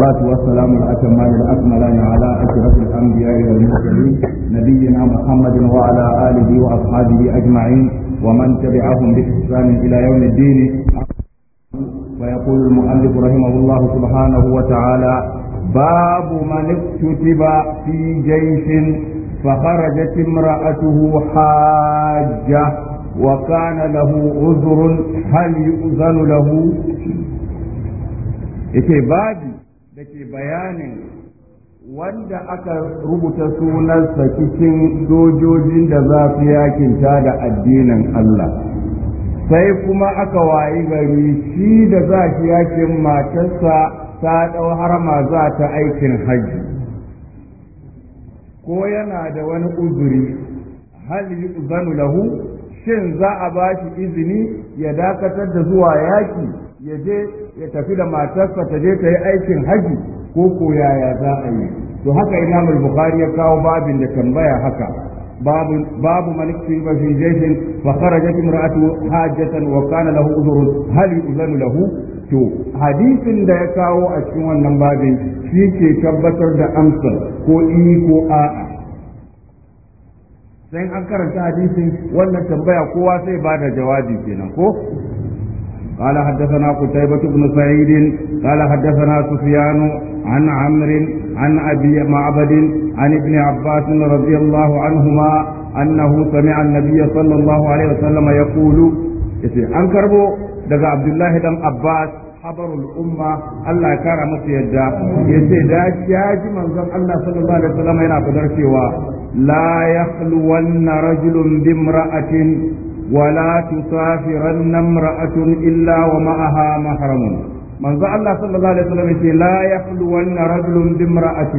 الصلاة والسلام على أكمل الأكملين على أشرف الأنبياء والمرسلين نبينا محمد وعلى آله وأصحابه أجمعين ومن تبعهم بإحسان إلى يوم الدين ويقول المؤلف رحمه الله سبحانه وتعالى باب من اكتب في جيش فخرجت امرأته حاجة وكان له عذر هل يؤذن له؟ إيه بابي da bayanin wanda aka rubuta sunansa cikin sojojin da za su yakinta da addinin Allah sai kuma aka wayi gari shi da za shi yakin matarsa ta ɗau harma za ta aikin hajji ko yana da wani uzuri hal yi lahu shin za a ba shi izini ya dakatar da zuwa yaki ya je ya tafi da matarsa ta je ta yi aikin haji ko ko yaya za a yi to haka imam al-bukhari ya kawo babin da tambaya haka babu babu malik fi fi jayshin fa kharajat imra'atu hajatan wa kana lahu udhrun hal yu'zanu lahu to hadisin da ya kawo a cikin wannan babin shi ke tabbatar da amsar ko i ko a'a sai an karanta hadisin wannan tambaya kowa sai bada jawabi kenan ko قال حدثنا قتيبة بن سعيد قال حدثنا سفيان عن عمرو عن أبي معبد عن ابن عباس رضي الله عنهما أنه سمع النبي صلى الله عليه وسلم يقول أنكربو دقى عبد الله بن عباس خبر الأمة الله كرم مسيدا يسيدا شاج منظر الله صلى الله عليه وسلم ينافذر سوى لا يخلون رجل بامرأة ولا تسافرن امرأة إلا ومعها محرم من الله صلى الله عليه وسلم لا يخلون رجل بامرأة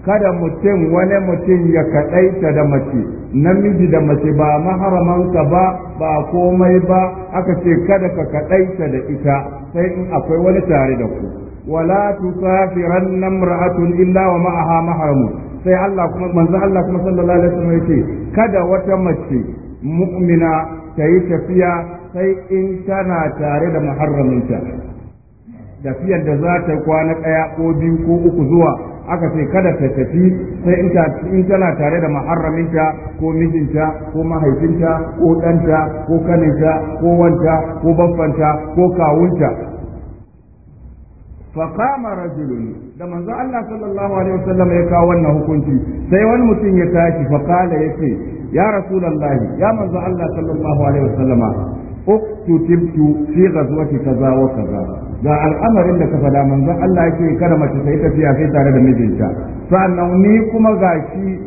kada mutum wani mutum ya kaɗaita da mace namiji da mace ba maharamanka ba ba komai ba aka ce kada ka kaɗaita da ita sai in akwai wani tare da ku wala tusafiran namra'atun illa wa ma'aha mahramu sai Allah kuma manzo Allah kuma sallallahu alaihi yace kada wata mace mu'mina ta yi tafiya sai in tana tare da muharraminta tafiyar da za ta kwana ɗaya ko biyu ko uku zuwa aka ce kada ta tafi sai in tana tare da muharraminta ko mijinta ko mahaifinta ko ɗanta ko kaninta ko wanta ko baffanta ko kawunta فقام رجل da manzo Allah sallallahu alaihi wasallam ya kawo wannan hukunci sai wani mutum ya tashi fa kala yace ya rasulullahi ya manzo Allah sallallahu alaihi wasallama uktutibtu fi ghazwati kaza wa kaza ga al'amarin da ka faɗa manzo Allah yake kada mace ta yi tafiya sai tare da mijinta sannan ni kuma gashi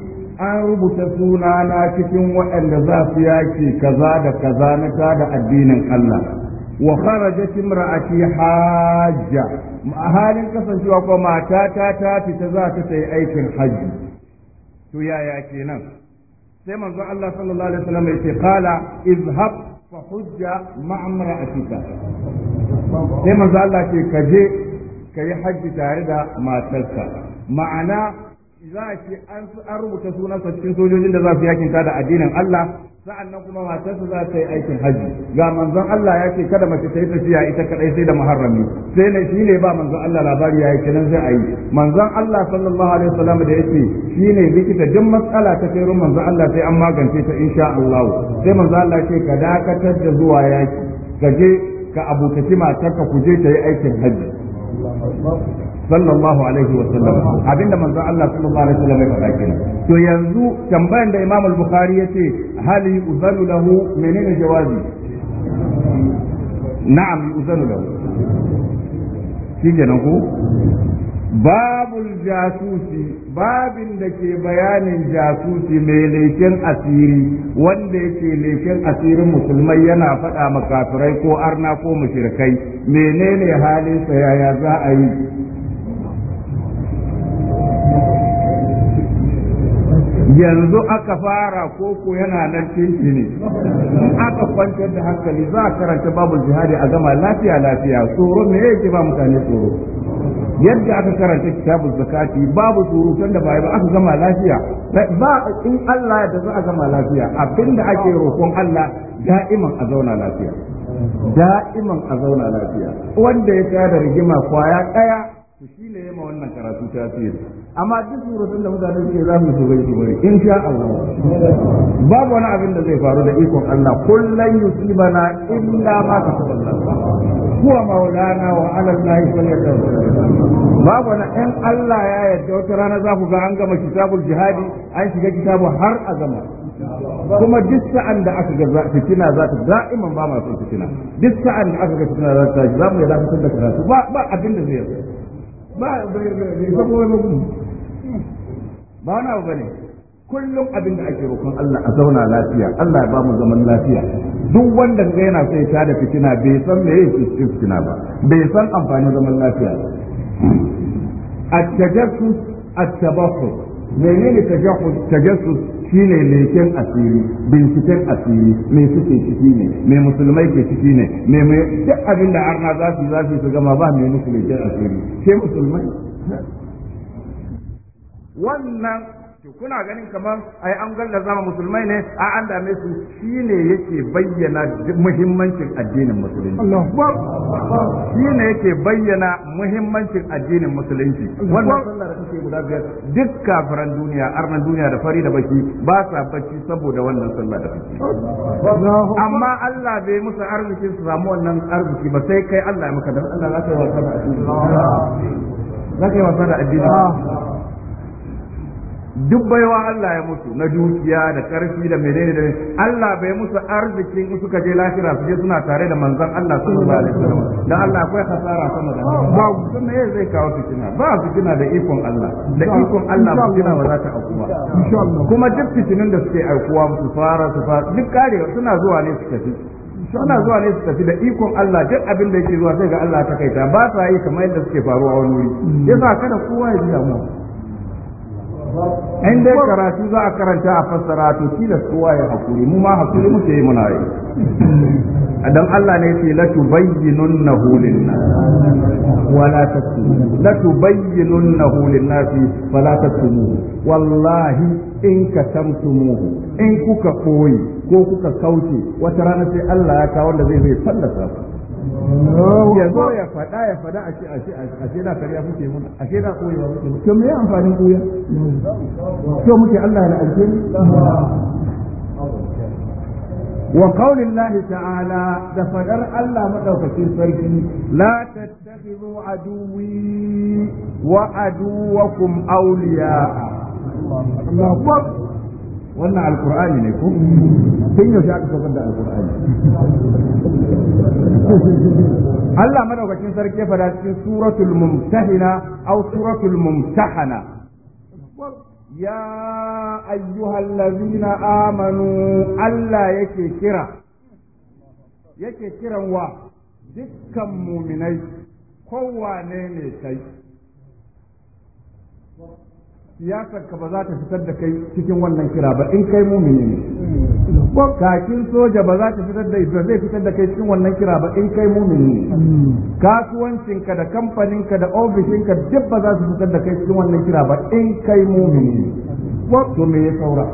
an rubuta sunana cikin waɗanda za su yaki kaza da kaza na da addinin Allah wa kharajat imra'ati hajja halin kasancewa ko mata ta ta fita za ta yi aikin hajji to yaya kenan sai manzo Allah sallallahu alaihi wasallam ce qala izhab fa hujja ma'a imra'atika sai manzo Allah ce kaje je ka yi hajji tare da matarka ma'ana za a ce an rubuta sunan sa cikin sojojin da za su yakin da addinin Allah sa'an nan kuma matarsa za ta yi aikin haji ga manzon Allah ya ce kada mace ta yi tafiya ita kadai sai da muharrami sai ne shi ne ba manzon Allah labari ya yi kenan zai a yi manzon Allah sallallahu alaihi wasallam da yace shi ne likita duk matsala ta kai ruwan manzon Allah sai an magance ta insha Allah sai manzon Allah ce ka dakatar da zuwa yaki ka je ka abokaci matarka ku je ta yi aikin haji sallallahu alaihi wa sallam abinda manzo Allah sallallahu alaihi wa sallam ya faɗa kenan to yanzu tambayan da Imam al-Bukhari yace hal yuzanu lahu menene jawazi na'am yuzanu lahu kenan ko babul jasusi babin da ke bayanin jasusi mai leken asiri wanda yake leken asirin musulmai yana faɗa makafirai ko arna ko mushrikai menene halinsa yaya za a yi yanzu aka fara koko yana nan kinki ne aka kwantar da hankali za a karanta babu jihadi a gama lafiya lafiya tsoro me yake ba mutane tsoro yadda aka karanta kitabu zakati babu tsoro, surutan da bai ba aka gama lafiya ba in Allah da za a gama lafiya abinda ake roƙon Allah da'iman a zauna lafiya da'iman a zauna lafiya wanda ya da rigima kwaya daya to shine yamma wannan karatu tasiri amma duk surutun da mutane suke za su so gaishe bari in sha Allah babu wani abin da zai faru da ikon Allah kullun yusibana illa ma kasaballah huwa maulana wa ala allahi falyatawakkal babu wani in Allah ya yarda wata rana za ku ga an gama kitabul jihadi an shiga kitabu har a gama kuma duk sa'an da aka ga fitina za ta da'iman ba masu fitina duk sa'an da aka ga fitina za ta za mu ya dakatar da karatu ba abin da zai yarda ba ba ba ba na ba ne kullum abin da ake roƙon Allah a zauna lafiya Allah ya ba mu zaman lafiya duk wanda ga yana sai ya da fitina bai san me yake cikin fitina ba bai san amfani zaman lafiya at-tajassus at-tabassum menene tajassus tajassus shine leken asiri binciken asiri me suke ciki ne me musulmai ke ciki ne me me duk abin da arna za su za su gama ba me musulmai asiri ke musulmai wannan to kuna ganin kamar ai an galla zama musulmai ne a an dame su shine yake bayyana muhimmancin addinin musulunci shine yake bayyana muhimmancin addinin musulunci wannan sallar da kake guda biyar duk kafiran duniya arnan duniya da fari da baki ba sa bacci saboda wannan sallar da kake amma Allah bai musu arziki su samu wannan arziki ba sai kai Allah ya maka da Allah za ka yi wasa da addini za ka yi wasa da addini duk baiwa Allah ya mutu na dukiya da karfi da menene da Allah bai musu arzikin suka je lafira su je suna tare da manzon Allah sallallahu alaihi wasallam dan Allah akwai hasara sama da ba su me zai kawo fitina ba fitina da ikon Allah da ikon Allah fitina ba za ta auku ba kuma duk fitinin da suke aukuwa su fara su fara duk karewa suna zuwa ne su tafi suna zuwa ne su tafi da ikon Allah duk abin da yake zuwa sai ga Allah ta kaita ba sa yi kamar yadda suke faruwa wani wuri mm. yasa kada kowa ya ji damuwa in dai karatu za a karanta a fassara to tilas kowa ya hakuri mu ma hakuri muke yi muna yi dan Allah ne yake la tubayyinunnahu linnas wala la la tubayyinunnahu linnasi wala la wallahi in ka tamtumu in kuka koyi ko kuka kauce wata rana sai Allah ya kawo wanda zai zai sallata ku ya zo ya faɗa ya faɗa a ce a ce da kariya muke mun a ce da koyewa muke mun to me ya amfanin koya to muke Allah da alƙin wa qaulin Allah ta'ala da fadar Allah madaukakin sarki la tattakhidhu aduwi wa aduwakum awliya Allahu akbar wannan alkur'ani ne ko tun yaushe aka saukar da alkur'ani Allah madaukakin sarki ya fada cikin suratul mumtahina aw suratul mumtahana ya ayyuhal ladina amanu Allah yake kira yake kiran wa dukkan muminai kowane ne sai siyasar ka ba za ta fitar da kai cikin wannan kira ba in kai mumini ne ko kakin soja ba za ta fitar da ba zai fitar da kai cikin wannan kira ba in kai mumini ne kasuwancin ka da kamfanin ka da ofishin ka duk ba za su fitar da kai cikin wannan kira ba in kai mumini ne ko to me ya saura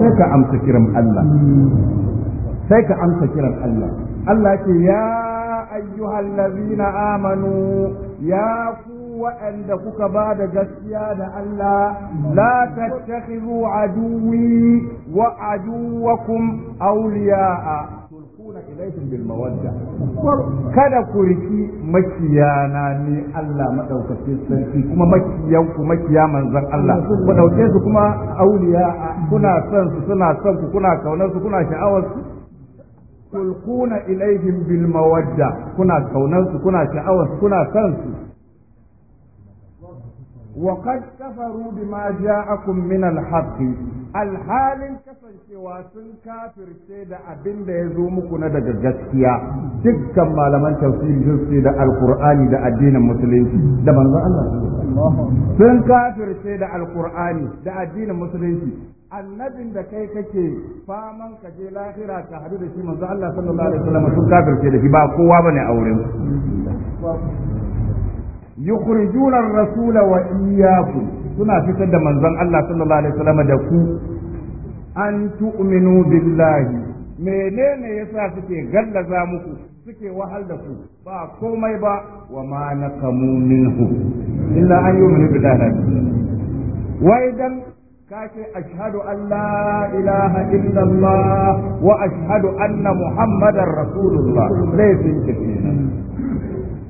sai ka amsa kiran Allah sai ka amsa kiran Allah Allah ce ya ayyuhallazina amanu ya ku waɗanda kuka ba da gaskiya da Allah la tattakhidhu aduwi wa aduwakum awliya'a tulquna ilayhim bil mawadda kada ku riki makiyana ne Allah madaukakin sarki kuma makiyanku ku makiya manzon Allah ku dauke su kuma awliya'a kuna son su suna son ku kuna kaunar su kuna sha'awar su tulquna ilaihim bil mawadda kuna kaunar su kuna sha'awar su kuna san su وقد كفروا بما جاءكم من الحق alhalin kasancewa sun kafirce da abin da ya zo muku na daga gaskiya dukkan malaman tafsiri sun ce da alkur'ani da addinin musulunci da manzon Allah sun kafirce da alkur'ani da addinin musulunci annabin da kai kake faman ka je lahira ka hadu da shi manzo Allah sallallahu alaihi wasallam sun kafirce da shi ba kowa bane a wurin yukhrijuna ar-rasula wa iyyakum suna fitar da manzon Allah sallallahu alaihi wasallam da ku an tu'minu billahi menene yasa suke gallaza muku suke wahal da ku ba komai ba wa ma naqamu minhu illa an yu'minu billahi wai dan kace ashhadu an la ilaha illallah wa ashhadu anna muhammadar rasulullah laifin kafina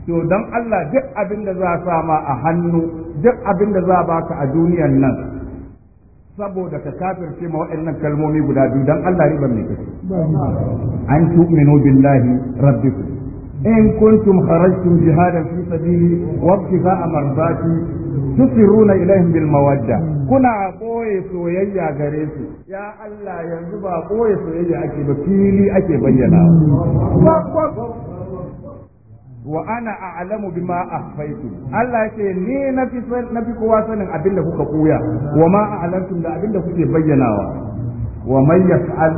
to dan Allah duk abin da za sa ma a hannu duk abin da za baka a duniyan nan saboda ka kafirce ma waɗannan kalmomi guda biyu dan Allah riban ne kake an tu'minu billahi rabbikum in kuntum kharajtum jihadan fi sabili wa ibtigha'a mardati tusiruna ilaihim bil mawadda kuna boye soyayya gare su ya Allah yanzu ba boye soyayya ake ba fili ake bayyana wa ana a'lamu bima akhfaytum Allah yake ni na fi na fi kowa sanin abin da kuka koya wa ma a'lamtum da abin da kuke bayyanawa wa man yaf'al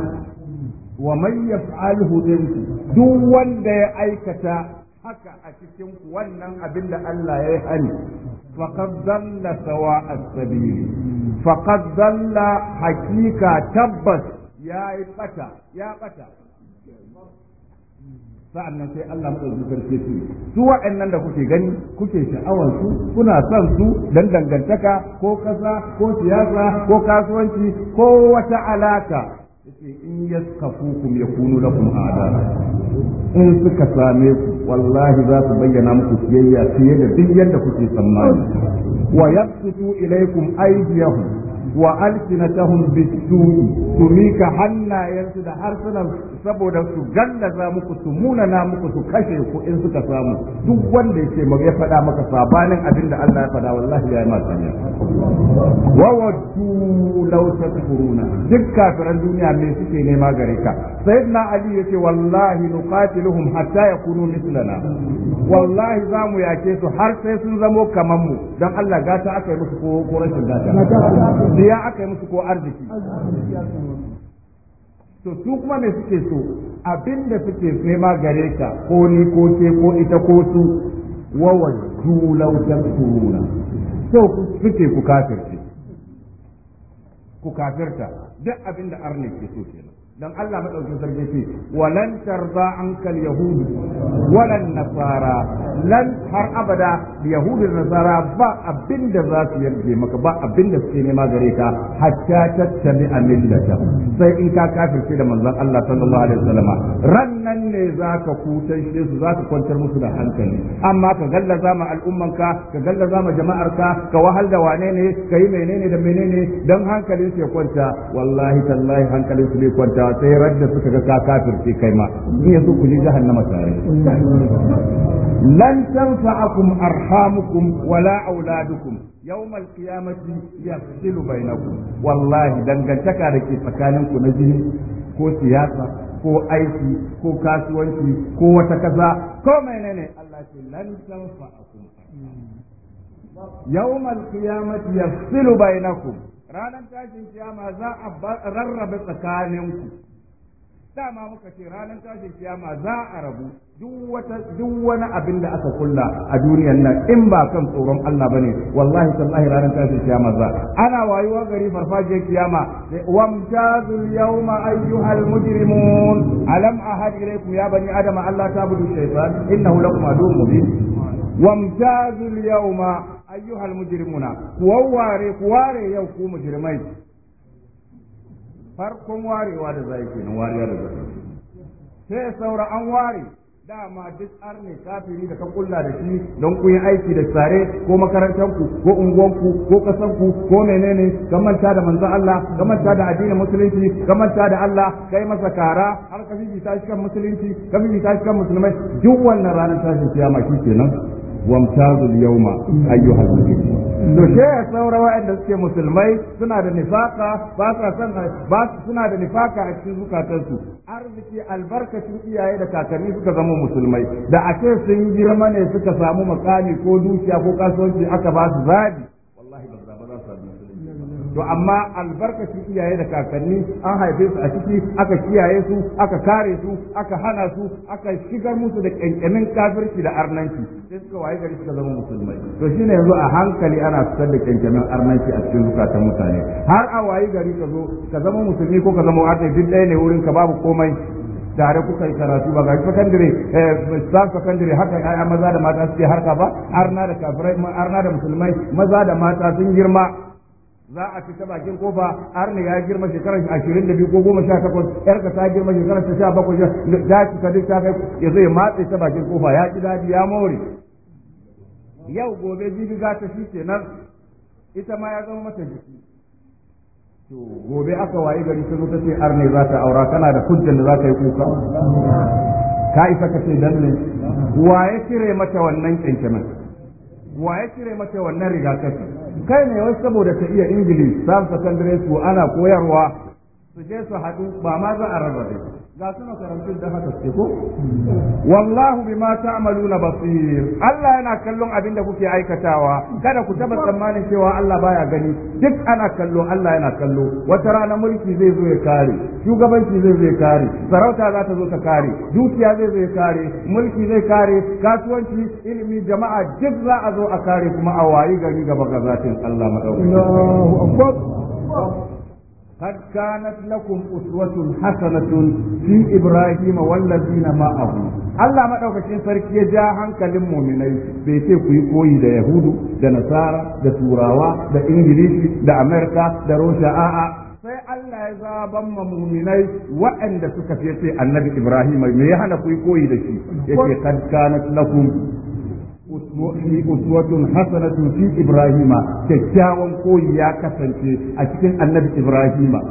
wa man yaf'alhu duk wanda ya aikata haka a cikin wannan abin da Allah ya yi hani faqad dalla sawa as-sabil faqad dalla hakika tabbas ya yi ya bata sa'an nan sai Allah maɗauki sarki su su waɗannan da kuke gani kuke sha'awarsu su kuna son su dan dangantaka ko kasa ko siyasa ko kasuwanci ko wata alaka yace in yaskafukum yakunu lakum a'dara in suka same ku wallahi za su bayyana muku siyayya fiye da duk yadda kuke tsammani wa yabsutu ilaykum aydiyahum wa alsinatahum bis tumika hannayensu da harsunan saboda su gallaza muku su munana muku su kashe ku in suka samu duk wanda yake mu ya faɗa maka sabanin abin da Allah ya faɗa wallahi ya yi masa ne wa waddu law tadkuruna duk kafiran duniya me suke nema gare ka sayyidina ali yace wallahi nuqatiluhum hatta yakunu mislana wallahi za mu yake su har sai sun zamo kaman mu dan Allah gata aka yi musu ko rashin gata ya aka yi musu ko arziki to su kuma me suke so abin da suke nema gare ka ko ni ko ke ko ita ko su wawan julau tafsuruna so suke ku kafirce ku kafirta duk abin da arne ke so kenan dan Allah madaukin sarki ce walan tarza ankal yahud walan nasara lan har abada yahudi da nasara ba abinda za su yarda maka ba abinda suke nema gare ka hatta tattabi millata sai in ka kafirce da manzon Allah sallallahu alaihi wasallam rannan ne zaka kutashe su zaka kwantar musu da hankali amma ka gallaza ma al'umman ka ka gallaza ma jama'ar ka ka wahal da wane ne kai menene da menene dan hankalin su ya kwanta wallahi tallahi hankalin su bai kwanta sai radda suka ga ka kafirce kai ma in yazo ku ji jahannama tare lan tanfa'akum arhamukum wala auladukum yawmal qiyamati yafsilu bainakum wallahi dangantaka da ke tsakaninku na jini ko siyasa ko aiki ko kasuwanci ko wata kaza ko menene Allah ce lan tanfa'akum yawmal qiyamati yafsilu bainakum ranar tashin kiyama za a rarrabe tsakaninku dama muka ce ranar tashin kiyama za a rabu duk wani abin da aka kulla a duniyar nan in ba kan tsoron Allah bane wallahi tallahi ranar tashin kiyama za ana wayuwa gari farfajiyar kiyama wamtazul yawma ayyuhal mujrimun alam ahad ilaykum ya bani adama Allah ta tabudu shaytan innahu lakum aduwwun mubin wamtazul yawma ayyuhal mujrimuna ku wawware yau ku mujrimai farkon warewa da zai nan wariya da zai sai saura an ware dama duk arne kafiri da ka kulla da shi don ku yi aiki da sare ko makarantarku ko unguwanku ko kasanku ko menene ka manta da manzon Allah ka manta da addinin musulunci ka manta da Allah kai masa kara har ka fifita shi kan musulunci ka fifita shi kan musulmai duk wannan ranar tashin kiyama kenan wamtazul yawma ayyuhal mujrimun to she saura wa'anda suke musulmai suna da nifaka ba sa san suna da nifaka a cikin zukatansu arziki albarkacin iyaye da kakanni suka zama musulmai da ake sun girma ne suka samu makami ko dukiya ko kasuwanci aka ba su zabi to amma albarkacin iyaye da kakanni an haife su a ciki aka kiyaye su aka kare su aka hana su aka shigar musu da kyankyamin kafirci da arnanci sai suka waye gari suka zama musulmai to shine yanzu a hankali ana fitar da kyankyamin arnanci a cikin zukatan mutane har a waye gari ka zo ka zama musulmi ko ka zama arne duk ɗaya ne wurin ka babu komai tare kuka yi karatu ba ga sakandare za eh, sakandare haka ya maza da mata suke harka ba arna da kafirai arna da musulmai maza da mata sun girma za a fita bakin kofa har ne ya girma shekarar ashirin da biyu ko goma sha takwas yar ka ta girma shekarar ta sha bakwai ta ci ta duk ta kai ya zai matse ta bakin kofa ya ci daɗi ya more yau gobe jibi za ta shi kenan ita ma ya zama mata jiki to gobe aka waye gari ta zo ta ce ar ne za ta aura kana da kujjan da za ta yi kuka ka isa ka ce dan ne wa ya cire mata wannan kyankyamin wa ya cire mata wannan rigakafi kai ne wasu saboda ta iya ingilishi sam sakandare school ana koyarwa su je su haɗu ba ma za a rarrabe. ga suna karantun da haka suke ko wallahu bima ta'maluna basir Allah yana kallon abin da kuke aikatawa kada ku taba tsammanin cewa Allah baya gani duk ana kallo Allah yana kallo wata rana mulki zai zo ya kare shugabanci zai zo ya kare sarauta za ta zo ta kare dukiya zai zo ya kare mulki zai kare kasuwanci ilimi jama'a duk za a zo a kare kuma a wayi gari gaba ga zatin Allah madaukakin Allahu akbar قد كانت لكم أسوة حسنة في إبراهيم والذين معه Allah maɗaukacin sarki ya ja hankalin muminai bai ce ku yi da Yahudu da Nasara da Turawa da Ingilishi da Amerika da Rusha a'a sai Allah ya zaban ma muminai waɗanda suka fiye annabi Ibrahim me ya hana ku yi koyi da shi yake kad kanat lakum fi uswatun hasanatun fi ibrahima kyakkyawan koyi ya kasance a cikin annabi ibrahima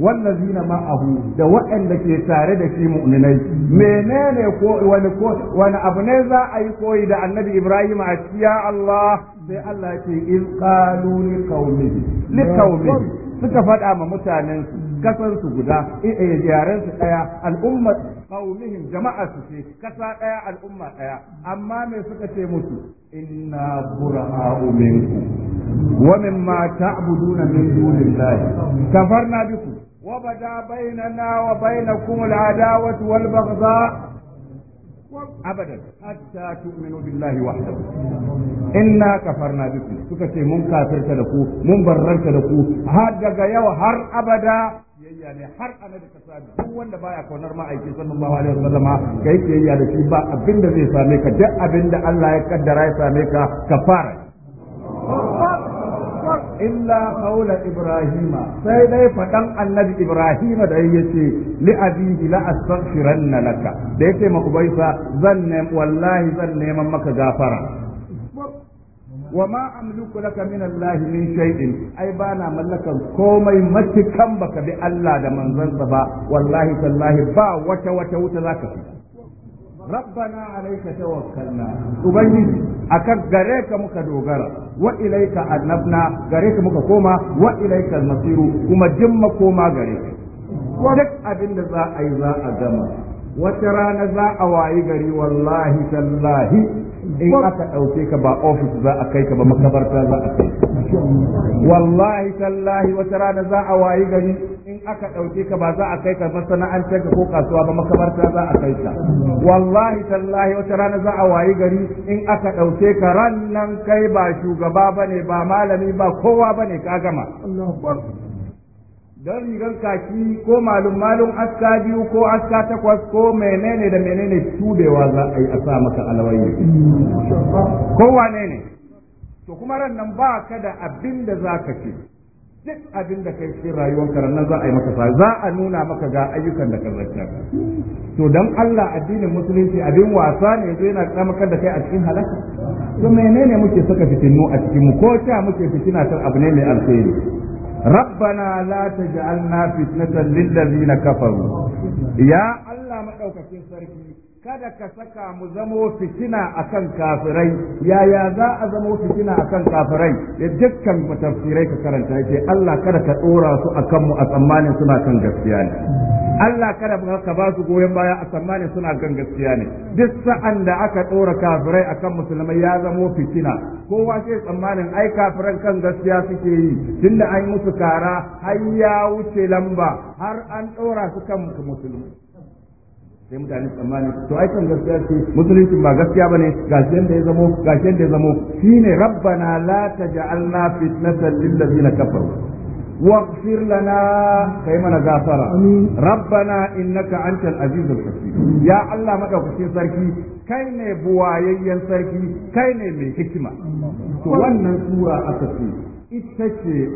wallazina ma'ahu da waɗanda ke tare da shi mu'minai menene ko wani ko wani abu ne za a yi koyi da annabi Ibrahima a ya Allah sai Allah ce in qalu li qaumi li qaumi suka faɗa ma mutanen kasan su guda yaran su daya al'umma qaumihim jama'a su ce kasa daya al'umma daya amma me suka ce musu inna bura'u minkum wa mimma ta'buduna min dunillahi kafarna bikum wa bada bainana wa bainakum al'adawatu wal baghdha abadan hatta tu'minu billahi wahdahu inna kafarna bikum suka ce mun kafirta da ku mun barranta da ku har daga yau har abada kiyayya ne har annabi ka sami duk wanda baya kaunar ma'aiki sallallahu alaihi wasallama kai kiyayya da shi ba abin da zai same ka duk abin da Allah ya kaddara ya same ka ka fara illa qawla ibrahima sai dai fadan annabi ibrahima da yace li abihi la astaghfiranna laka da yace ma ubaisa zan wallahi zan neman maka gafara wa ma amliku laka min Allah min shay'in ai bana mallakar komai matukan baka bi Allah da manzansa ba wallahi tallahi ba wata wata wuta zaka fi rabbana alayka tawakkalna ubangiji akan gare ka muka dogara wa ilayka annabna gare ka muka koma wa ilayka almasiru kuma jimma koma gare ka duk abin da za a yi za a gama wata rana za a wayi gari wallahi tallahi in aka ɗauke ka ba ofis za a kai ka ba makabarta za a kai wallahi tallahi wata rana za a wayi gari in aka ɗauke ka ba za a kai ka masana'antar ka ko kasuwa ba makabarta za a kai ka wallahi tallahi wata rana za a wayi gari in aka ɗauke ka rannan kai ba shugaba bane ba malami ba kowa bane ka gama don rigar kaki ko malum malum aska biyu ko aska takwas ko menene da menene tubewa za a yi a sa maka alawai ko wane ne to kuma ran nan ba ka da abin da za ka ce duk abin da kai cikin rayuwar ka nan za a yi maka sa za a nuna maka ga ayyukan da ka zartar to dan Allah addinin musulunci abin wasa ne to yana tsamakar da kai a cikin halaka to menene muke saka fitinu a cikin mu ko ta muke fitina tar abu ne mai alheri ربنا لا تجعلنا فتنة للذين كفروا يا الله ما أوكا في kada ka saka mu zamo fitina akan kafirai yaya za a zamo fitina akan kafirai da dukkan tafsirai ka karanta yake Allah kada ka tsora su akan mu a tsammanin suna kan gaskiya ne Allah kada ka ba su goyon baya a tsammanin suna kan gaskiya ne duk sa'an da aka tsora kafirai akan musulmai ya zamo fitina kowa sai tsammanin ai kafiran kan gaskiya suke yi tunda an musu kara har ya wuce lamba har an tsora su kan musulmai sai mutane tsammani to ai kan gaskiya ce musulunci ba gaskiya bane gashi da ya zamo gashi da ya zamo shine rabbana la taj'alna fitnatan lil ladina kafaru kai mana gafara rabbana ربنا انك انت العزيز ya allah الله sarki kai ne buwayayyen sarki kai ne mai hikima to wannan sura aka ce ita ce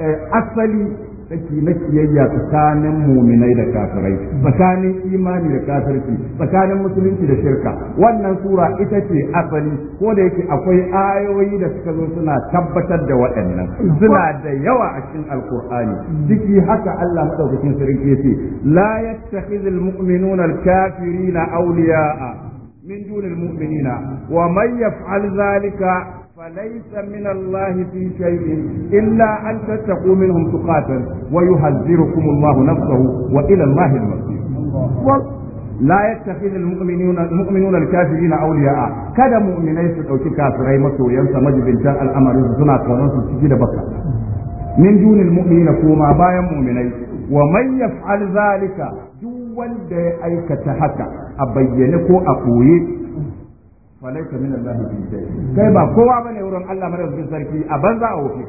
eh, asali saki na kiyayya tsakanin muminai da kafirai tsakanin imani da kafirci tsakanin musulunci da shirka wannan sura ita ce asali ko da yake akwai ayoyi da suka zo suna tabbatar da waɗannan suna da yawa a cikin alkur'ani ciki haka Allah madaukakin sarki yace la yattakhidhul mu'minuna al-kafirina awliya'a min dunil mu'minina wa man yaf'al dhalika فليس من الله في شيء إلا أن تتقوا منهم تقاتا ويحذركم الله نفسه وإلى الله المصير لا يتخذ المؤمنون المؤمنون الكافرين اولياء kada mu'minai su ɗauki kafirai masoyansa majibintan al'amarin suna kaunar su ciki da baka min dunil mu'minina kuma bayan mu'minai wa man yaf'al zalika duk wanda ya aikata haka a bayyane ko a koye falaita min Allah fi kai ba kowa bane wurin Allah madaukakin sarki a banza a wofi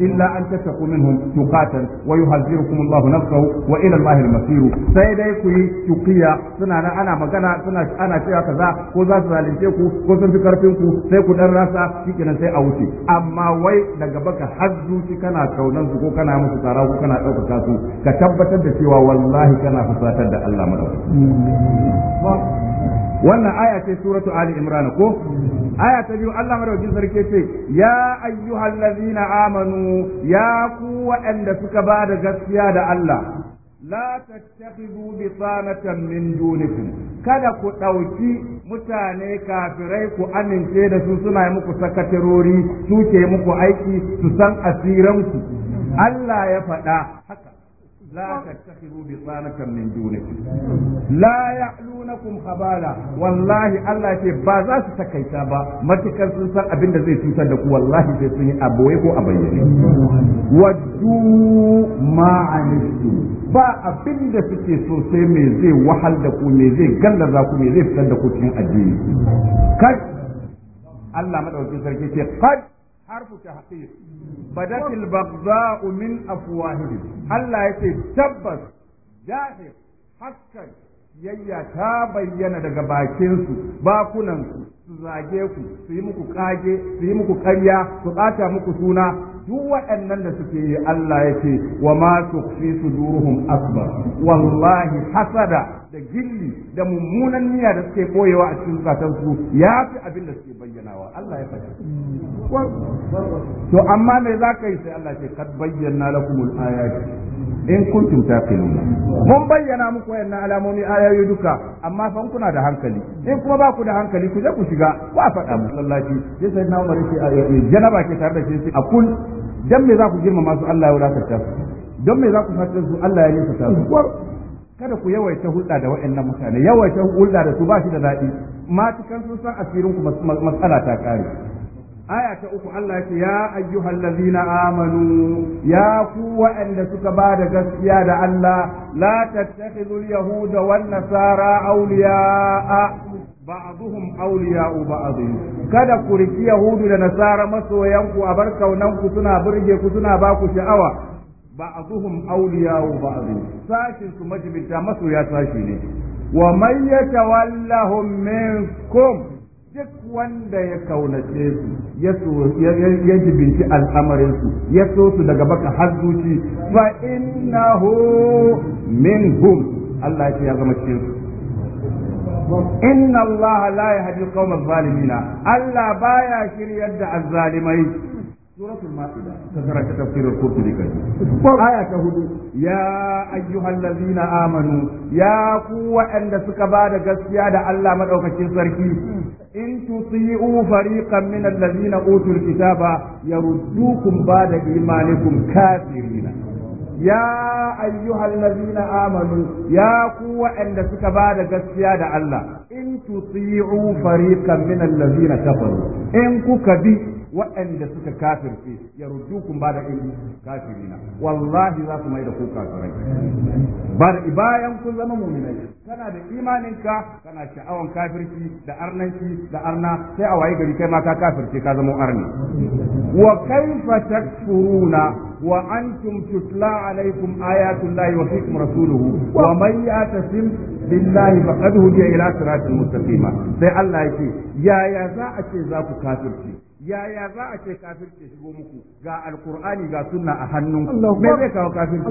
illa an tattaqu minhum tuqatan wa yuhazzirukum Allah nafsahu wa ila Allah al-masir sai dai ku yi tuqiya suna nan ana magana suna ana cewa kaza ko za su zalunce ku ko sun fi karfin ku sai ku dan rasa shikenan sai a wuce amma wai daga baka har zuci kana kaunan su ko kana musu tsara ko kana ɗaukaka su ka tabbatar da cewa wallahi kana fusatar da Allah madaukakin wannan aya ce suratu ali imran ko aya ta biyu Allah madaukakin sarki ce ya ayyuhallazina amanu ya ku waɗanda suka ba da gaskiya da Allah la tattakhidhu bitanatan min dunikum kada ku ɗauki mutane kafirai ku amince da su suna yi muku sakatarori su ke muku aiki su san asiranku Allah ya faɗa haka لا تتخذوا بطانة من دونكم لا يعلونكم خبالا والله الله يتي بازا ستكيتا با متكر سنسان أبين زي سنسان دكو والله زي سنين أبويكو أبيني ودو ما عنستم با أبين da suke so مي زي zai wahal da ku me zai gallaza ku me zai fitar da ku cikin addini kad Allah madaukakin sarki ce harfu tahqiq badat al-baghdha'u min afwahihim Allah yace tabbas zahir hakkan yayya ta bayyana daga bakinsu bakunan su zage ku su yi muku kage su yi muku ƙarya su ɓata muku suna duk waɗannan da suke yi Allah yace wa ma tukhfi suduruhum akbar wallahi hasada da gilli da mummunan niyya da suke koyewa a cikin su ya fi abin da suke bayyanawa Allah ya faɗi to amma me za ka yi sai Allah ce kad bayyana lakumul ayati in kuntum taqilun mun bayyana muku wayannan alamomi ayoyi duka amma fa kuna da hankali in kuma ba ku da hankali ku je ku shiga ku faɗa musallaci sai sai na umar ce janaba ke tare da shi a kun dan me za ku girmama su Allah ya wadatar ta don me za ku fata su Allah ya nisa ta su. kada ku yawaita hulɗa da waɗannan mutane yawaita hulɗa da su ba shi da daɗi matukan sun san asirin ku matsala ta kare aya ta uku Allah ya ce ya ayyuhal ladina amanu ya ku waɗanda suka ba da gaskiya da Allah la tattakhidhu yahuda wan nasara awliya'a ba'dhum awliya ba'd kada ku riki yahudu da nasara masoyanku a bar suna burge ku suna ba ku sha'awa ba'dhum awliya'u ba'd sashin su majibinta masoya sashi ne wa man yatawallahum minkum duk wanda ya kaunace su ya jibinci su, ya so su daga baka har zuci fa innahu minhum Allah ya ya zama cikin su inna Allah la yahdi qauman zalimina Allah baya shiryar da azzalimai سورة المائدة تذكرت تفسير القرطبي آية هدو يا أيها الذين آمنوا يا قوة أن سكباد قسيادة ألا مدعوك الشيطركي إن تطيعوا فريقا من الذين أوتوا الكتاب يردوكم بعد إيمانكم كافرين يا أيها الذين آمنوا يا قوة أن سكباد قسيادة ألا إن تطيعوا فريقا من الذين كفروا إن كبي waɗanda suka kafirce ya rudu kun ba da ilmi kafirina wallahi za su mai da ku kafirai bayan kun zama muminai kana da imaninka kana sha'awan kafirci da arnanci da arna sai a waye gari kai ma ka kafirce ka zama arni wa kaifa takfuruna wa antum tutla alaikum ayatullahi wa fikum rasuluhu wa man yatasim billahi faqad hudiya ila siratil mustaqim sai Allah ya yake yaya za a ce za ku kafirce yaya za a ce ke shigo muku ga alkur'ani ga sunna a hannunku me zai kawo kafirce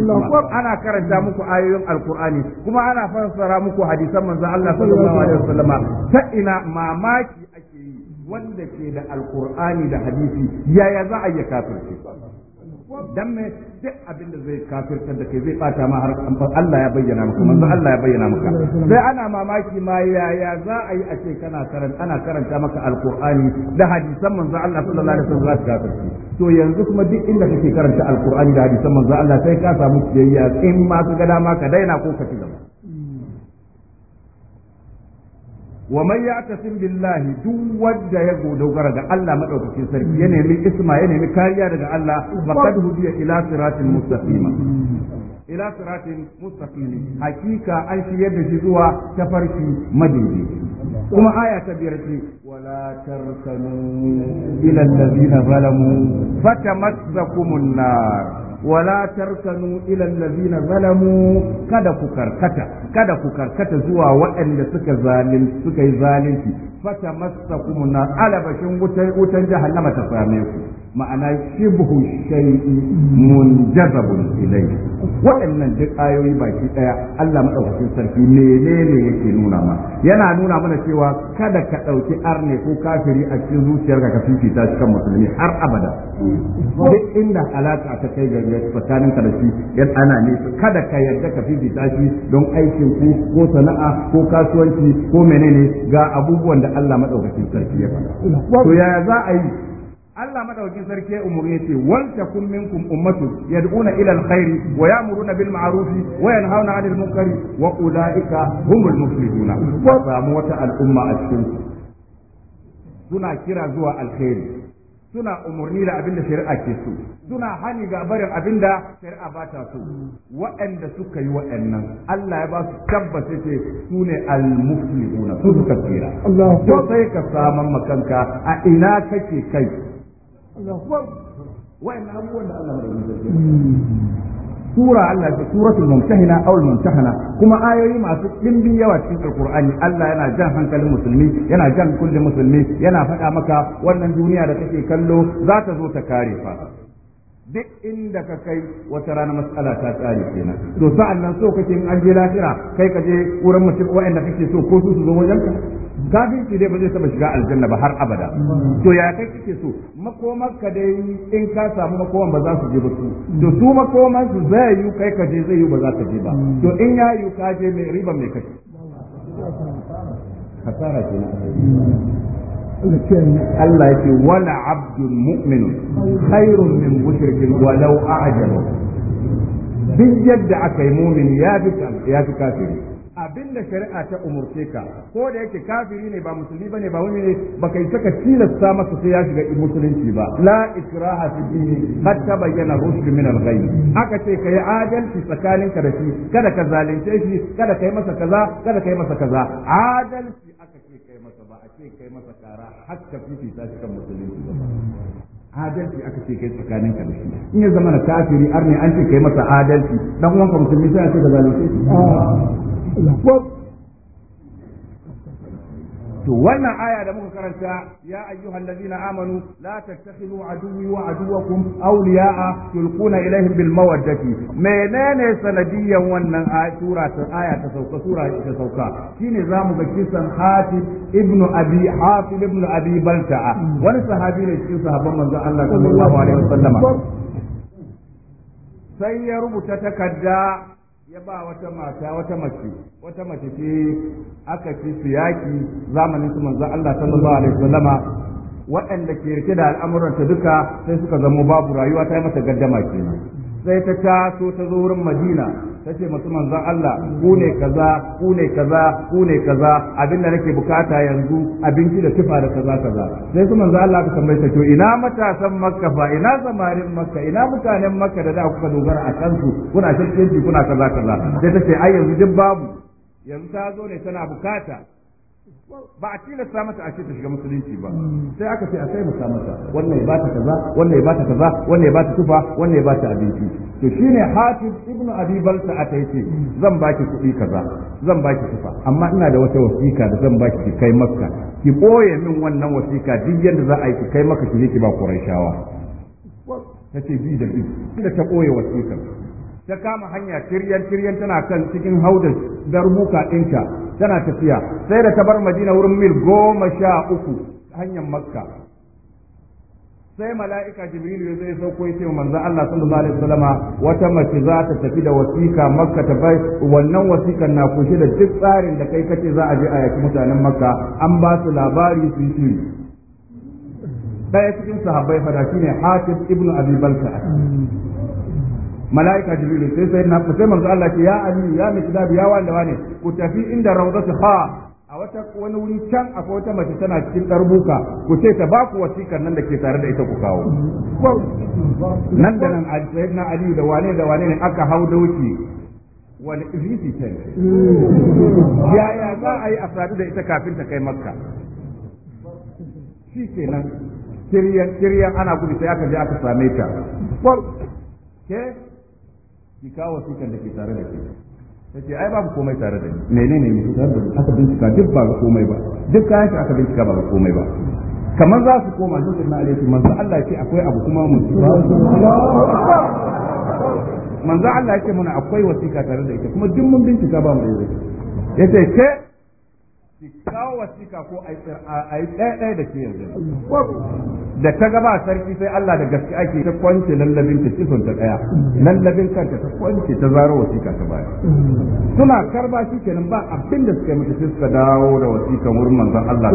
ana karanta muku ayoyin alkur'ani kuma ana fassara muku hadisan manzo Allah sallallahu alaihi wasallama ta ina mamaki ake yi wanda ke da alkur'ani da hadisi yaya za a yi kafirce dan me duk abin da zai kafirtar da kai zai bata ma har Allah ya bayyana maka manzo Allah ya bayyana maka sai ana mamaki ma yaya za a yi a ce kana karanta ana karanta maka alqur'ani da hadisan manzo Allah sallallahu alaihi wasallam zaka kafirci to yanzu kuma duk inda kake karanta alqur'ani da hadisan manzo Allah sai ka samu kiyayya in ma ka ga dama ka daina ko ka ci gaba wa man ya'tasim billahi duk wanda ya dogara ga Allah madaukakin sarki ya nemi isma ya nemi kariya daga Allah faqad hudiya ila siratin mustaqim ila siratin mustaqim hakika an shiyar da shi zuwa tafarki madidi kuma aya ta biyar ce wala tarkanu ila allazina zalamu fatamassakumun nar wala tarkanu ila allazina zalamu kada ku karkata kada ku karkata zuwa waɗanda suka zalunci suka yi zalunci fata kuma na alabashin wutan jihar jahannama ta same ku ma'ana shibhu shay'i munjazabun ilai waɗannan duk ayoyi baki ɗaya Allah madaukakin sarki menene yake nuna ma yana nuna mana cewa kada ka ɗauki arne ko kafiri a cikin zuciyar ka fifita shi kan musulmi har abada duk inda alaka ta kai ga tsakanin ka da shi yan ana ne kada ka yarda ka fifita shi don aikin ku ko sana'a ko kasuwanci ko menene ga abubuwan da Allah madaukakin sarki ya faɗa to yaya za a yi Allah madaukakin sarki ya umurni yace wal takum minkum ummatu yad'una ila alkhairi wa ya'muruna bil ma'ruf wa yanhauna 'anil munkari wa ulaika humul muflihuna wa samu wata al'umma a cikin suna kira zuwa alkhairi suna umarni da abinda shari'a ke so suna hani ga barin abin da shari'a ba ta so waɗanda suka yi waɗannan Allah ya ba su tabbata ce su ne al-muflihuna su suka tsira ko sai ka saman makanka a ina kake kai da Allah sura Allah ce suratul mumtahina aw mumtahana kuma ayoyi masu dimbin yawa cikin alqur'ani Allah yana jan hankalin musulmi yana jan kullin musulmi yana faɗa maka wannan duniya da kake kallo za ta zo ta kare fa duk inda ka kai wata rana matsala ta tsari kenan to sa'an nan so kake in an je lafira kai ka je wurin mutum waɗanda kake so ko su su zo wajen ka kafirci dai ba zai taba shiga aljanna ba har abada to ya kai kake so makomar ka dai in ka samu makoman ba za su je ba su to su makoman su zai yi kai ka je zai yi ba za ka je ba to in ya yi ka je mai riba mai kake kenan Allah yake wala abdun mu'min khairun min mushrikin walau a'jabu Bin yadda aka yi mumin ya fi ya fi kafiri abinda shari'a ta umurce ka ko da yake kafiri ne ba musulmi ne ba wani ne ba kai ka tilasta masa sai ya shiga musulunci ba la ikraha fi dini hatta bayyana rushd min al aka ce ka yi adalci tsakaninka da shi kada ka zalunce shi kada kai masa kaza kada kai masa kaza adalci kai masa kara har ka fifita shi kan musulunci adalci aka ce kai tsakanin ka da shi in ya zama na kafiri arne an ce kai masa adalci dan uwanka musulmi sai a ce ka zalunce shi ah. to wannan aya da muka karanta ya ayyuhal ladina amanu la tattakhidu aduwwi wa aduwwakum awliya'a tulquna ilayhim bil mawaddati menene sanadiyan wannan aya sura ta aya ta sauka sura ta sauka shine zamu ga kisan Hatib ibn Abi Hatib ibn Abi Balta'a wani sahabi ne cikin sahabban manzo Allah sallallahu alaihi wasallam sai ya rubuta takarda ya ba wata mata wata mace wata mace ce aka ci su yaki zamanin su manzo Allah sallallahu alaihi wasallama waɗanda ke rike da ta duka sai suka zamo babu rayuwa ta yi mata gaddama kenan sai ta taso ta zo wurin Madina nace musu manzon Allah ku ne kaza ku ne kaza ku ne kaza abin da nake bukata yanzu abinci da tufa da kaza kaza sai su manzon Allah ka tambaye to ina matasan Makka fa ina samarin Makka ina mutanen Makka da da kuka dogara a kansu kuna shakkenci kuna kaza kaza sai ta ce ai yanzu duk babu yanzu ta zo ne tana bukata ba a tilasta mata a ce ta shiga musulunci ba sai aka ce a sai masa mata wannan ya bata kaza wannan ya bata kaza wannan ya bata tufa wannan ya bata abinci to shine Hafiz ibn Abi Balta a ce zan baki kuɗi kaza zan baki tufa amma ina da wata wasika da zan baki ki kai Makka ki boye min wannan wasika duk yadda za a yi ki kai Makka ki je ki ba Qurayshawa tace bi da bi da ta boye wasikar ta kama hanya tiryan tiryan tana kan cikin da darbuka ɗinta tana tafiya sai da ta bar madina wurin mil goma sha uku hanyar makka sai mala'ika jibrilu ya zai sauko ya ce wa manzon Allah sallallahu alaihi wasallama wata mace za ta tafi da wasika makka ta bai wannan wasikan na kunshe da duk tsarin da kai kace za a je a yaki mutanen makka an ba su labari su yi daya cikin sahabbai fada shine Hafiz ibnu Abi balka mala'ika jibril sai sai na sai manzo Allah ce ya ali ya miqdad ya wanda wane ku tafi inda rawdatu kha a wata wani wuri can akwai wata mace tana cikin darbuka ku ce ta ba ku wasikar nan da ke tare da ita ku kawo nan da nan sayyidina ali da wane da wane ne aka hau wuce wani izisi ta yaya za a yi a sadu da ita kafin ta kai makka shi kenan kiryan kiryan ana gudu sai aka je aka same ta ke ki kawo da ke tare da ke ta ce ai babu komai tare da ni ne tare da aka bincika duk ba komai ba duk kayan shi aka bincika ba komai ba kamar za su koma duk na alaihi manzo Allah ce akwai abu kuma mu manzo Allah ce mana akwai wasika tare da ita kuma duk mun bincika ba mu da ce ke kawo wasika ko a yi ɗaya da ke yanzu da ta gaba sarki sai Allah da gaske ake ta kwance lallabin ta sifin ta ɗaya lallabin kanta ta kwance ta zaro wasika ta baya suna karba shi kenan ba abin da suka yi mata suka dawo da wasikan wurin manzon Allah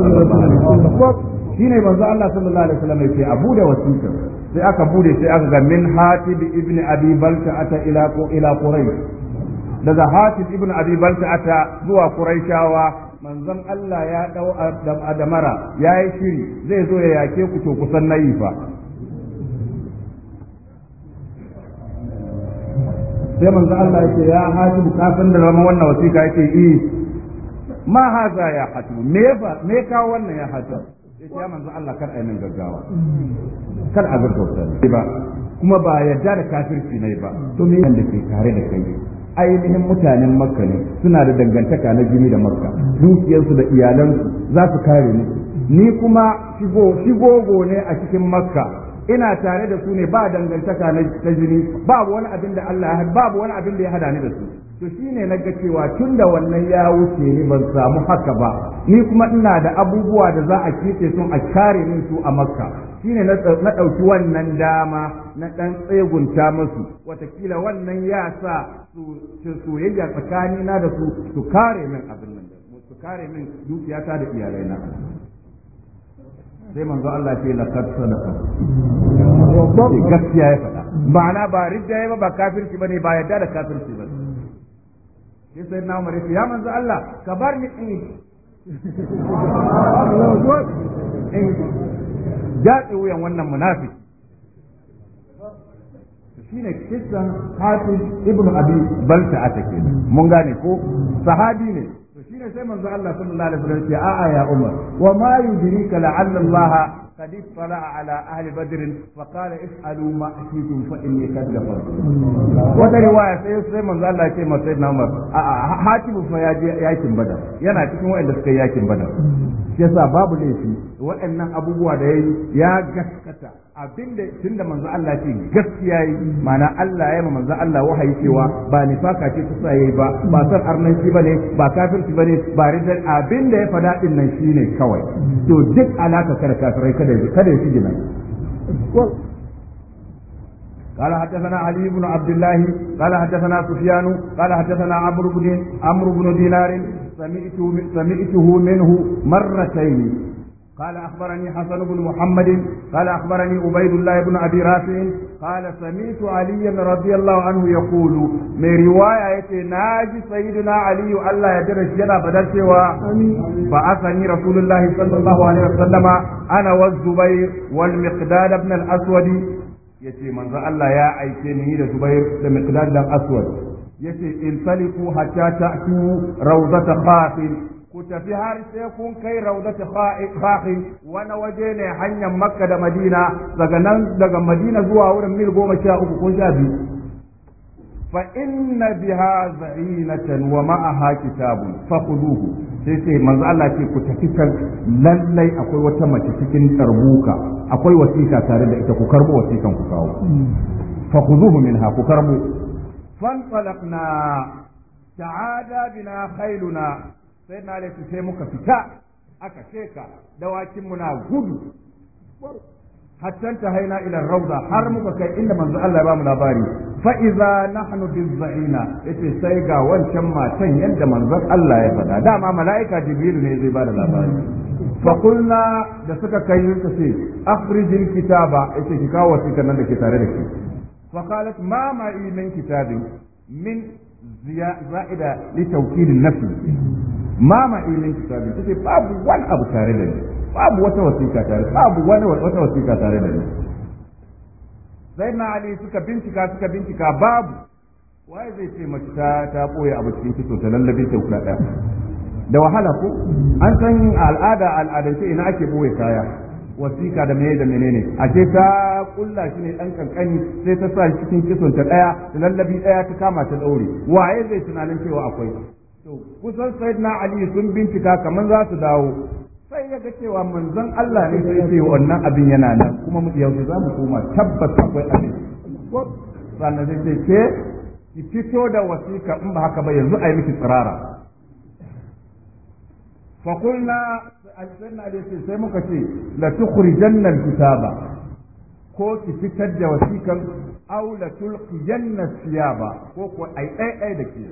shi ne manzon Allah sallallahu alaihi wasallam yake abu da wasikan sai aka bude sai aka ga min hatib ibn abi balta ata ila ila quraish daga hatib ibn abi balta ata zuwa quraishawa manzon Allah ya dau adamara ya yi shiri zai zo ya yake ku to kusan nayi fa sai manzon Allah ya ce ya haji bukatun da zama wannan wasiƙa yake yi eh. ma haza ya hatu me ba me kawo wannan ya hatu ce ya manzon Allah kar yi min gaggawa kar a gaggauta ba kuma ba yadda da kafirci ne ba to me yanda ke tare da kai ainihin mutanen makka ne suna da dangantaka na jini da makka dukiyarsu da iyalansu za su kare ni ni kuma shigo shigogo ne a cikin makka ina tare da su ne ba dangantaka na jini babu wani abin da Allah ya babu wani abin da ya hada ni da su to shine na ga cewa tun da wannan ya wuce ni ban samu haka ba ni kuma ina da abubuwa da za a kike sun a kare min su a makka shine na ɗauki wannan dama na ɗan tsegunta musu watakila wannan ya sa soyayya tsakani na da su su kare min abin nan su kare min dukiyata da na. sai manzo Allah ce na sadaqa gaskiya ya faɗa ma'ana ba ridda ba ba kafirci bane ba yadda da kafirci bane sai sai na umar ya manzo Allah ka bar ni in jaɗe wuyan wannan shi shine kisan hafiz Ibn abi balta a take mun gane ko sahabi ne to shine sai manzo Allah sallallahu alaihi wasallam ya a'a ya Umar wa ma yudrika la'alla Allah قد اطلع على أهل بدر فقال افعلوا ما أتيتم فإني قد غفرت wata riwaya sai sai manzo Allah ya ce ma sayyidina Umar a fa ya je yakin Badar yana cikin waɗanda suka yakin bada. Badar yasa babu laifi waɗannan abubuwa da yayi ya gaskata abinda tunda manzo Allah ce gaskiya yi mana Allah ya manzo Allah wahayi cewa ba nifaka ce kusa yayi ba ba san arnanci bane ba kafirci bane ba ridar abinda ya fada din nan shine kawai to duk alaka kada kafirai kada kada ya shige nan قال حدثنا علي بن عبد الله قال حدثنا سفيان قال حدثنا عمرو بن عمرو بن دينار سمعته سمعته منه مرتين قال أخبرني حسن بن محمد قال أخبرني عبيد الله بن أبي رافع قال سمعت علي رضي الله عنه يقول من رواية ناجي سيدنا علي ألا يدرس يدا بدل سوى فأثني رسول الله صلى الله عليه وسلم أنا والزبير والمقداد بن الأسود yace manzo Allah ya aike ni da Zubair da Miqdad dan Aswad yace in taliku hatta ta'tu rawzata Khafin ku tafi har sai kun kai raudatu fahi wani waje ne hanyar makka da madina daga nan daga madina zuwa wurin mil goma sha uku kun sha biyu fa inna biha zainatan wa ma'aha kitabun fa khuduhu sai sai manzo Allah ce ku tafi can lallai akwai wata mace cikin tarbuka akwai wasiƙa tare da ita ku karbo wasiƙan ku kawo fa khuduhu minha ku karbo fanfalaqna ta'ada bina khailuna sai na sai muka fita aka sheka dawakinmu na gudu hatta haina ila Rauza har muka kai inda manzo Allah ya bamu labari fa iza nahnu bizzaina yace sai ga wancan matan yadda manzo Allah ya faɗa dama malaika jibril ne zai bada labari fa qulna da suka kai suka ce akhrijil kitaba yace ki kawo wasiƙan nan da ke tare da ke. fa qalat ma ma min kitabin min zaida li tawkid ma ma ilmin kitabi ce babu wani abu tare da ni babu wata wasiƙa tare babu wani wata wasiƙa tare da ni sai na ali suka bincika suka bincika babu waye zai ce mace ta ta boye abu cikin kitso ta lallabe ta kula daya da wahala ko an san al'ada al'adance ina ake boye kaya wasiƙa da mene da menene a ce ta kulla shi ne dan kankani sai ta sa cikin kitso ta daya lallabi daya ta kama ta daure waye zai tunanin cewa akwai kusan na ali sun bincika kamar za su dawo sai ya ga cewa manzon Allah ne sai ce wannan abin yana nan kuma mu yanzu za mu koma tabbas akwai abin sannan zai ce ke ki fito da wasiƙa in ba haka ba yanzu a yi miki tsirara sai الجنة التي سيمك شيء لتخرجن الكتابة ko ki fitar da wasikan aw la tulqiyanna siyaba ko ko ai ai ai da ke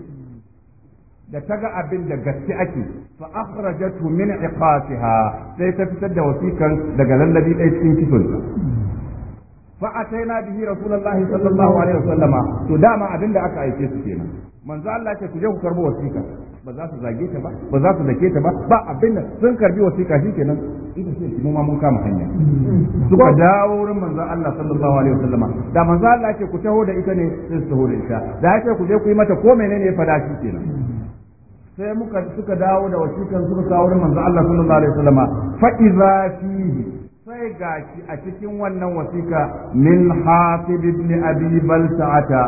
da ta ga abin da gaske ake fa akhrajatu min iqatiha sai ta fitar da wasikan daga lallabi dai cikin kifinsa fa ataina bihi rasulullahi sallallahu alaihi wasallama to dama abin da aka aike su kenan manzo Allah ce ku je ku karbo wasika ba za su zage ta ba ba za su dake ta ba ba abin da sun karbi wasika shikenan ita ce mu ma mun kama hanya suka dawo wurin manzo Allah sallallahu alaihi wasallama da manzo Allah ce ku taho da ita ne sai su taho da ita da ya ce ku je ku yi mata ko menene ya fada shikenan sai muka suka dawo da wasikan suka kawo wurin manzo Allah sallallahu alaihi wasallam fa idza fihi sai gashi a cikin wannan wasika min hatib ibn abi balta'ata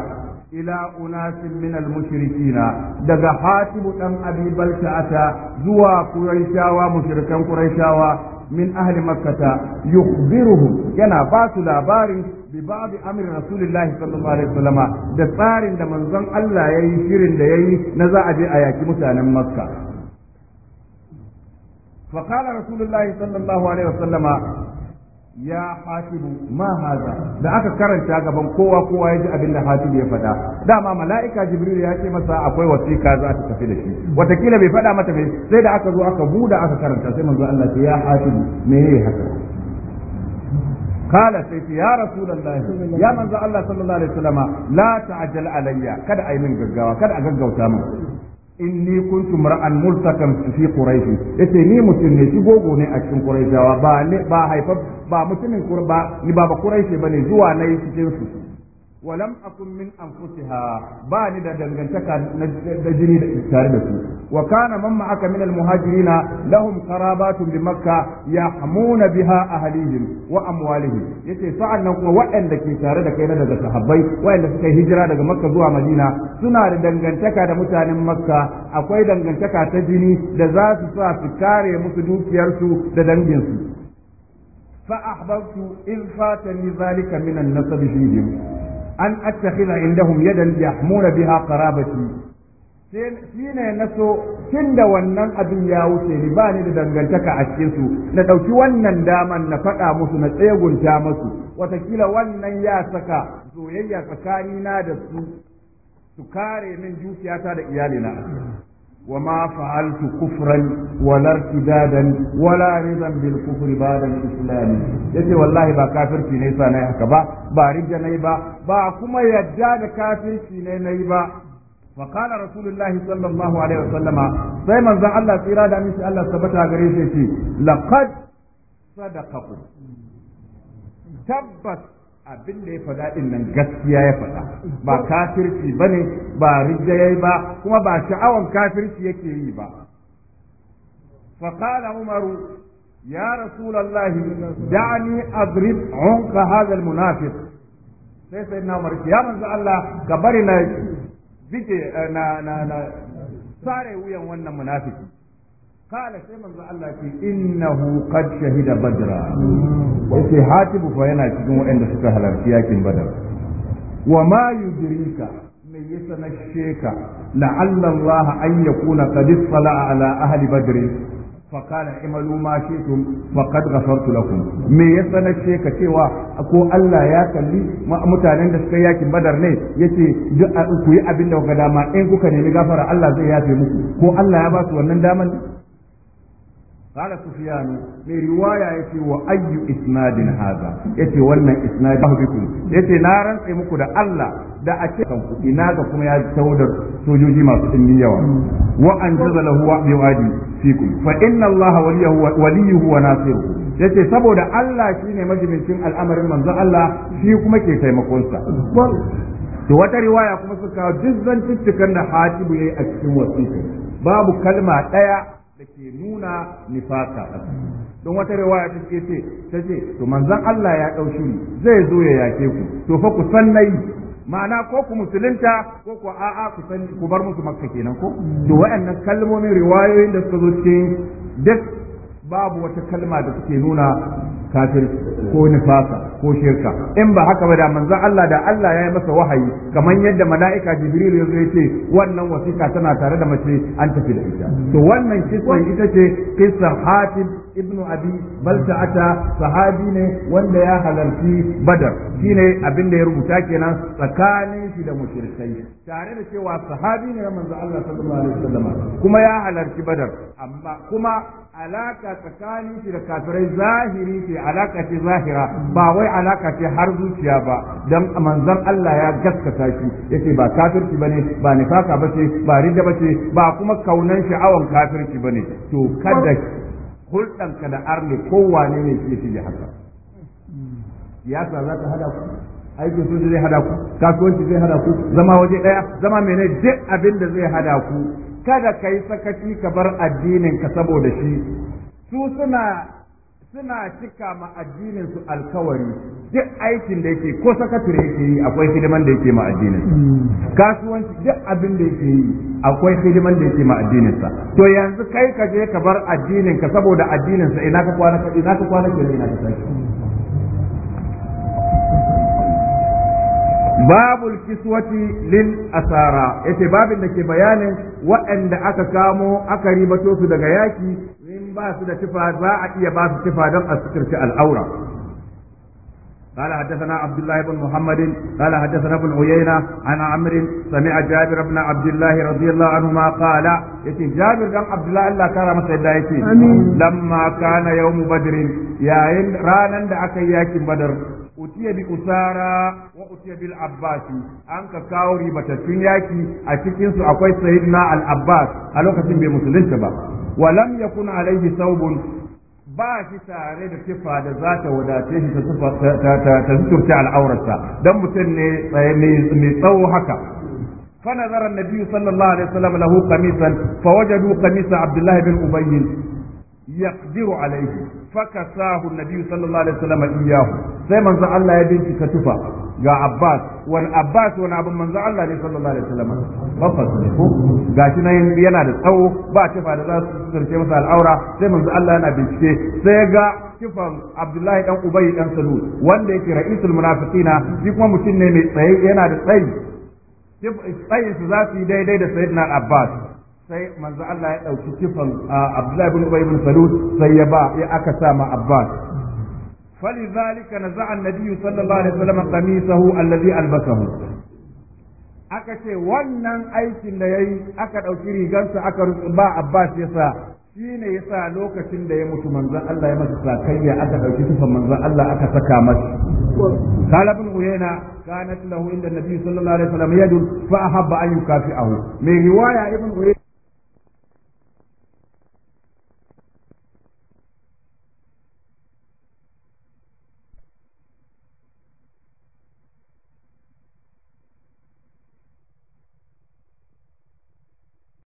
ila unasin min al-mushrikina daga hatib dan abi balta'ata zuwa quraishawa mushrikan quraishawa min ahli makkata yukhbiruhum yana ba su labarin bi babu amir rasulullahi sallallahu alaihi wasallama da tsarin da manzon Allah yayi shirin da yayi na za a je a yaki mutanen Makka fa qala rasulullahi sallallahu alaihi wasallama ya hasibu ma da aka karanta gaban kowa kowa ya ji abin da hasibu ya faɗa dama mala'ika jibril ya ce masa akwai wasiƙa za ta tafi da shi watakila bai faɗa mata bai sai da aka zo aka buda aka karanta sai manzo Allah ce ya hasibu me haka قال سيتي يا رسول الله يا من الله صلى الله عليه وسلم لا تعجل علي كد أي من جدّوا كد أجدّوا تامو inni kuntu mar'an multakan fi quraish yace ni mutum ne shi gogo ne a cikin quraishawa ba ne ba haifa ba mutumin ba ni ba ba quraish bane zuwa nayi cikin su ولم أكن من أنفسها باني دا دنگنتكا نجري تاردسو وكان من معك من المهاجرين لهم قرابات بمكة يحمون بها أهليهم وأموالهم يتي فعلنا وأن لكي تاردك إلى دا صحبي وأن لكي هجرة دا مكة زوا مدينة سنا دنگنتكا دا متان مكة أقوي دنگنتكا تجني دا ذات سكاري مسدوك يرسو دا دنگنسو فأحببت إذ فاتني ذلك من النصب فيهم an attakhidha indahum yadan yahmuna biha qarabati shine na so tunda wannan abin ya wuce ni ba ni da dangantaka a cikin su na ɗauki wannan daman na faɗa musu na tsegunta musu watakila wannan ya saka soyayya tsakanina da su su kare min dukiyata da iyalina Wa ma وما فعلت كفرا ولا ارتدادا ولا رضا بالكفر بعد Ya ce wallahi ba kafirci ne sa nayi haka ba ba rija nayi ba ba kuma yadda da kafirci na nayi ba wa qala rasulullahi sallallahu alaihi wasallama sai manzon Allah tsira da mishi Allah sabata gare shi yace laqad sadaqakum tabbas abin da ya faɗa ɗin nan gaskiya ya faɗa ba kafirci ba ne ba yi ba kuma ba sha'awan kafirci yake yi ba faƙala umaru ya rasulallahi da'ani adrib unka hadha almunafiq sai sai na umar ya manzo Allah ka bari na bige eh, sare wuyan wannan munafiki قال سيما الله في إنه قد شهد بدرا وفي حاتب فينا تجمع عند سكهلا في ياكين بدر وما يدريك من يسن الشيك لعل الله أن يكون قد اطلع على أهل بدر فقال اعملوا ما شئتم فقد غفرت لكم me ya sanace ka cewa ko Allah ya kalli mutanen da suka yakin badar ne yace ku yi abin da kuka dama in kuka nemi gafar? Allah zai yafe muku ko Allah ya basu wannan daman قال سفيان من رواية يتي وأي إسناد هذا يتي وانا إسناد بكم يتي نارا سيمكو دا الله دا أشيكم إنا كم يا تودر سجوجي ما سنية وأنجز له وعد وعدي فيكم فإن الله وليه وليه وناصره yace saboda Allah shine majibincin al'amarin manzo Allah shi kuma ke taimakon sa to wata riwaya kuma suka duk zancin da hatibu yayi a cikin wasiƙa babu kalma daya nuna nifaka don wata riwaya ta ce ta ce to manzon Allah ya dau zai zo ya yake ku to fa ku san nayi ma'ana ko ku musulunta ko ku a'a ku san ku bar musu makka kenan ko to waɗannan kalmomin riwayoyin da suka zo cikin duk babu wata kalma da take nuna kafir ko nifasa ko shirka in ba haka ba da manzon Allah da Allah ya yi masa wahayi kamar yadda mala'ika Jibril ya ce wannan wasiƙa tana tare da mace an tafi da ita to wannan kissa ita ce kissa Hatib ibnu abi balta'ata sahabi ne wanda ya halarci badar shine abin da ya rubuta kenan tsakanin shi da mushrikai tare da cewa sahabi ne manzo Allah sallallahu alaihi wasallam kuma ya halarci badar amma kuma alaka tsakanin shi da kafirai zahiri ce alaka ce zahira ba wai alaka ce har zuciya ba dan manzon Allah ya gaskata shi yace ba kafirci bane ba nifaka bace ba ridda bace ba kuma kaunan sha'awan kafirci bane to kada hulɗanka da arne kowane ne shi shi haka siyasa za ta hada ku aikin sun zai hada ku kasuwanci zai hada ku zama waje ɗaya zama mene duk abin da zai hada ku kada ka yi sakaci ka bar addinin ka saboda shi su suna suna cika ma addinin su alkawari duk aikin da yake ko sakatare yake yi akwai hidiman da yake ma addinin kasuwanci duk abin da yake yi akwai hidiman da yake ma addinin sa to yanzu kai ka je ka bar addinin ka saboda addinin sa ina ka kwana ka ina ka kwana ke ina ka babul kiswati lil asara yace babin da ke bayanin waɗanda aka kamo aka ribato su daga yaki ba su da tufa za a iya ba su tufa don a suturci al'aura قال حدثنا عبد الله بن محمد قال حدثنا ابن عيينة عن عمرو سمع جابر بن عبد الله رضي الله عنهما قال يتي جابر بن عبد الله الله كان مسعدا لما كان يوم بدر يا رانا دعك ياكم بدر utiya bi usara wa utiya bil abbas an ka kawo ribatattun yaki a cikin su akwai sayyidina al abbas a lokacin bai musulunta ba wa lam yakun alaihi saubun ba shi tare da kifa da za ta wadace shi ta suturta al'aurarsa don mutum ne eh, mai tsawo haka فنظر النبي صلى الله عليه وسلم له قميصا فوجدوا قميص عبد الله بن أبي يقدر عليه fakasahu nabi sallallahu alaihi wasallam iyahu sai manzo Allah ya bincika tufa ga Abbas wani Abbas wani abin manzo Allah ne sallallahu alaihi wasallam baffas ne ko gashi nan yana da tsawo ba tufa da za su sarke masa al'aura sai manzo Allah yana bincike sai ga kifan Abdullahi dan Ubay dan Salul wanda yake ra'isul munafiqina shi kuma mutum ne mai tsaye yana da tsayi tsayin su za su yi daidai da sayyidina Abbas sai manzo Allah ya dauki kifan Abdullahi ibn Ubay ibn Salul sai ya ba ya aka sa ma Abbas فلذلك نزع an-nabiy sallallahu alaihi wasallam qamisahu alladhi albasahu aka ce wannan aikin da ya yi aka ɗauki rigarsa aka ba Abbas ya sa shi ne ya sa lokacin da ya mutu manzan Allah ya masa sakayya aka ɗauki tufan manzan Allah aka saka masa. قال ابن عيينة كانت له عند النبي sallallahu alaihi عليه وسلم fa فأحب أن يكافئه من رواية ابن عيينة